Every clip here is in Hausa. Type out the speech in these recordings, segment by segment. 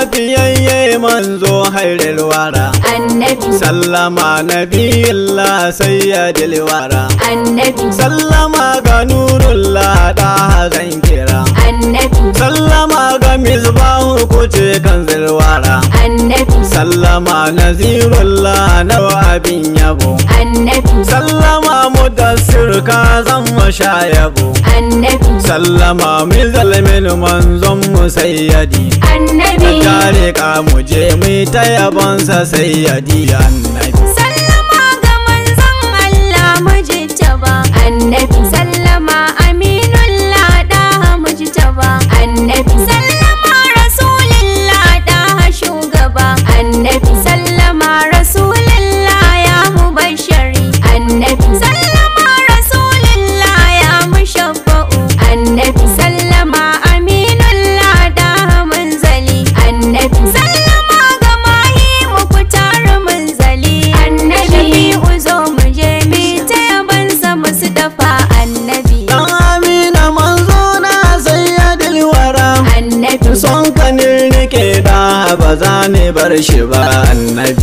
lafiyayye manzo hairil wara annabi sallama nabiyillah sayyidil wara annabi sallama ga nurullah da zan kira annabi sallama ga misbahul kuce kan zilwara sallama nazirullah nawa abin yabo annabi sallama mudassir ka zama shayabo annabi sallama mil zalimin manzon musayyadi annabi tare ka mu je mu ta yabon sa sayyadi annabi sallama ga manzon Allah mujtaba annabi sallama aminullah da annabi It's. bar shi ba annabi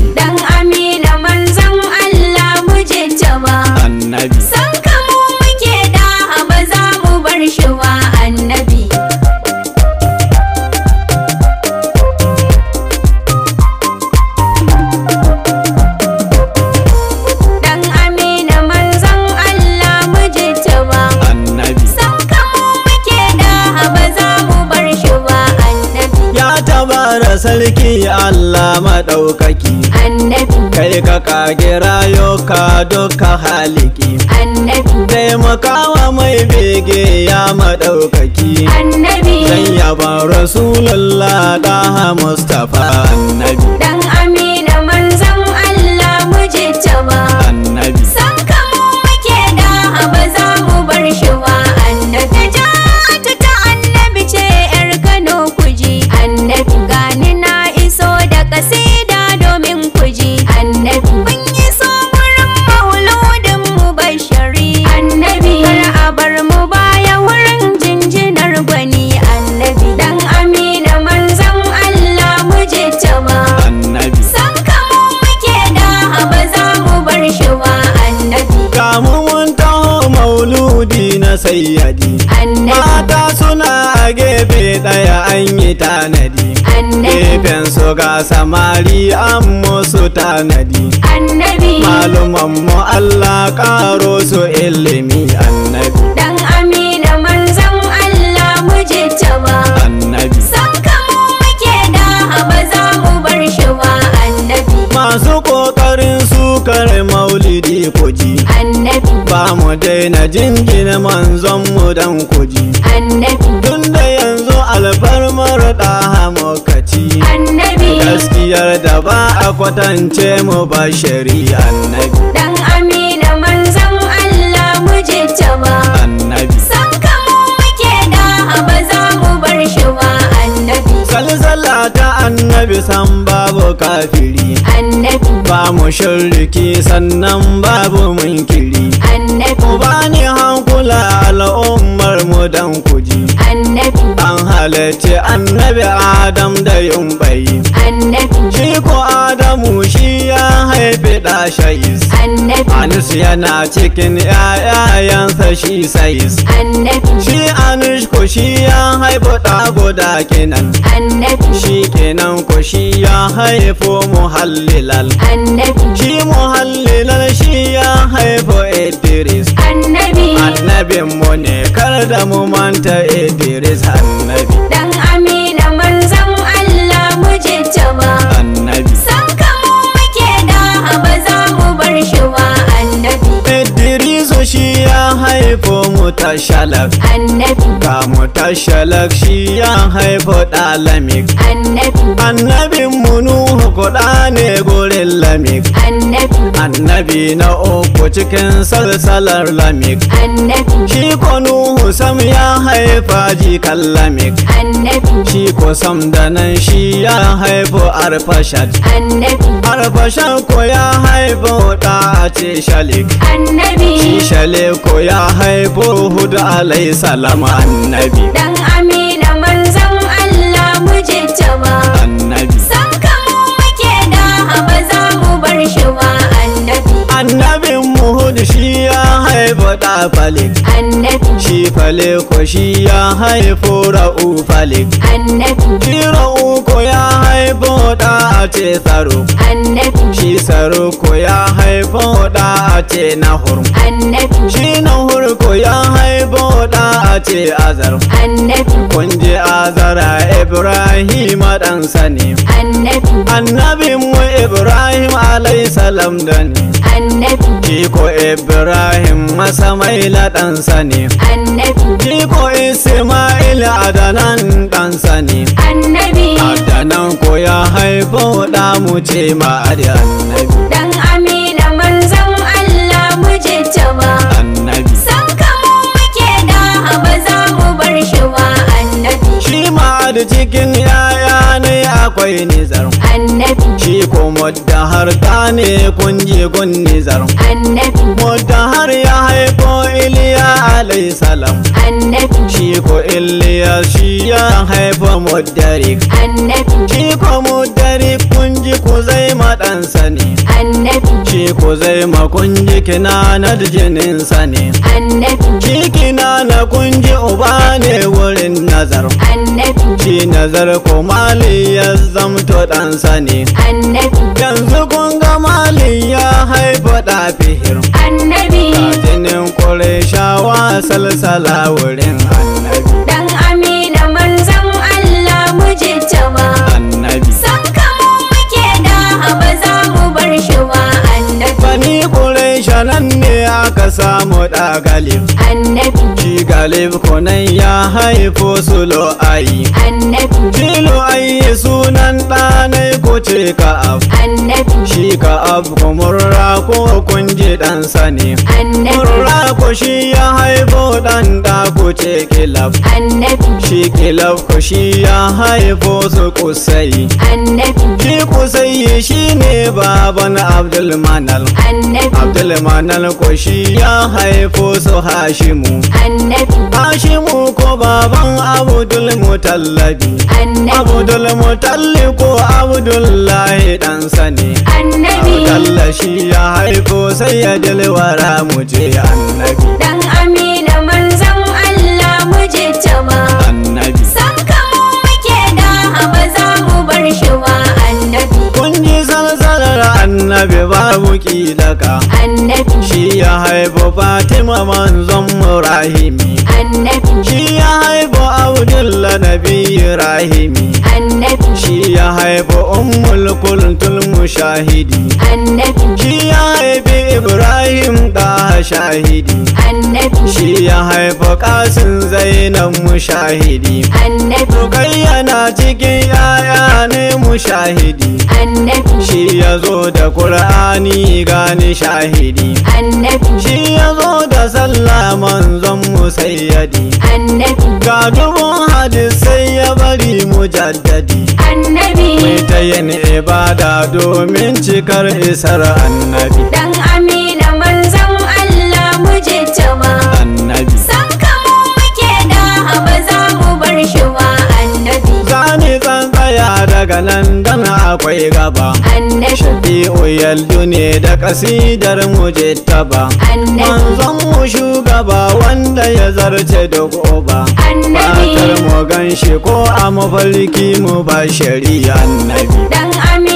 bara sarki Allah maɗaukaki annabi kai ka kage rayuka duka haliki annabi taimakawa mai bege ya maɗaukaki annabi zan yaba rasulullah ɗaha mustapha annabi tanadi mata suna gefe daya an yi tanadi gefen su ga samari an musu tanadi maluman mu Allah karo su ilimi annabi dan amina manzan Allah mu je taba annabi sakan muke da ba za mu bar shi ba annabi masu ƙoƙarin su kare maulidi koji annabi ba mu daina jingina ma dan kuji annabi tunda yanzu alfarmar da mokaci annabi gaskiyar da ba a kwatance mu ba shari annabi dan amina manzan Allah mu je ba. annabi san kamo muke da ba za mu bar shi ba annabi salsala ta annabi san babu kafiri annabi ba mu shirki sannan babu munkiri annabi adam da yin bayi shi ko adamu shi ya haifi da shais anus yana cikin yayayansa shi sais shi anush ko shi ya haifi da guda kenan shi kenan ko shi ya haifo muhallilal shi muhallilal shi ya haifo idris annabin mu ne kar da mu manta idris Annabi. ta shalak annabi mu ta shalak shi ya haifo ɗalamik annabi annabin nuhu kuda ne gurin lamik annabi annabi na uku cikin salsalar lamik annabi shi ko nuhu sam ya haifa jikan lamik annabi shi ko sam da nan shi ya haifo arfashat annabi arfashat ko ya haifo da ce shalik annabi shale ko ya haifo hudu alai salama annabi dan amina manzan Allah mujitaba annabi san kamu muke da ba za mu bar shi ba annabin muhudu shi ya haifo da falik shi fale ko shi ya haifo ra'u falik shi ra'u ko ya haifo da a ce tsaro shi tsaro ko ya haifo da a ce nahur shi nahur ko ya haifo da a ce azar kun azara ibrahim ɗansa ne annabin ibrahim alayhi salam da ne annabi jiko ibrahim masamaila ɗansa ne annabi jiko ismail adanan ɗansa ne annabi adanan ko ya haifo da mu ce ma annabi dan amina manzan allah mu je ta ba annabi san kamun muke da haba za mu bar shi ba annabi shi ma da cikin yaya ne akwai ne wadda har ta ne kunje kun nizar annabi wadda har ya haifo iliya alai salam annabi shi ko iliya shi ya haifo mudarik. annabi shi ko mudarik kunji ku zai dan sani annabi shi ko zai ma kunji kina na jinin sani annabi shi kina na kunji uba ne wurin nazar ko mali ya zamto ɗansa ne yanzu kun ga mali ya haifa da fihir annabi jinin kore shawa salsala wurin annabi dan amina manzan allah muje annabi samu da galib annabi shi galib kunan ya haifo su lo'ayi annabi shi lo'ayi sunan ɗanai ko ce ka'af annabi shi ka'af ko murra ko kunji ɗansa ne murra ko shi ya haifo ɗan ɗa ko ce kilaf annabi shi kilaf ko shi ya haifo su kusai annabi shi kusai shi ne baban abdulmanal annabi abdulmanal ko shi ya ya haifo su hashimu annabi hashimu ko baban abdul mutallabi annabi abdul mutalli ko abdullahi dan sani annabi kalla ya haifo sai ya dalwara mu je annabi dan amina manzon Allah mu je tama annabi San kamo muke da ba za mu bar shi ba annabi kun ji zalzalar annabi babu kilaka shi ya haifa fatima manzon rahimi shi ya haifa abdullah nabi rahimi shi ya haifa ummu kuntul mushahidi annabi shi ya haifi ibrahim da shahidi annabi shi ya haifa kasin zainab mushahidi annabi yana cikin yaya ne mushahidi annabi shi ya zo da qur'ani gani shahidi annabi shi ya zo da sallah manzon musayyadi annabi ga dubun hadisai ya bari Mu mujaddadi annabi mai ta yin ibada domin cikar isar annabi dan amina manzan Allah muje tama annabi san muke da ba za mu bar shi ba annabi zani zan tsaya daga nan akwai gaba shafi'u yaldu ne da kasidar mujittaba manzon mu shugaba wanda ya zarce da goba fatar mu ganshi ko a mafarki mu ba shari'a annabi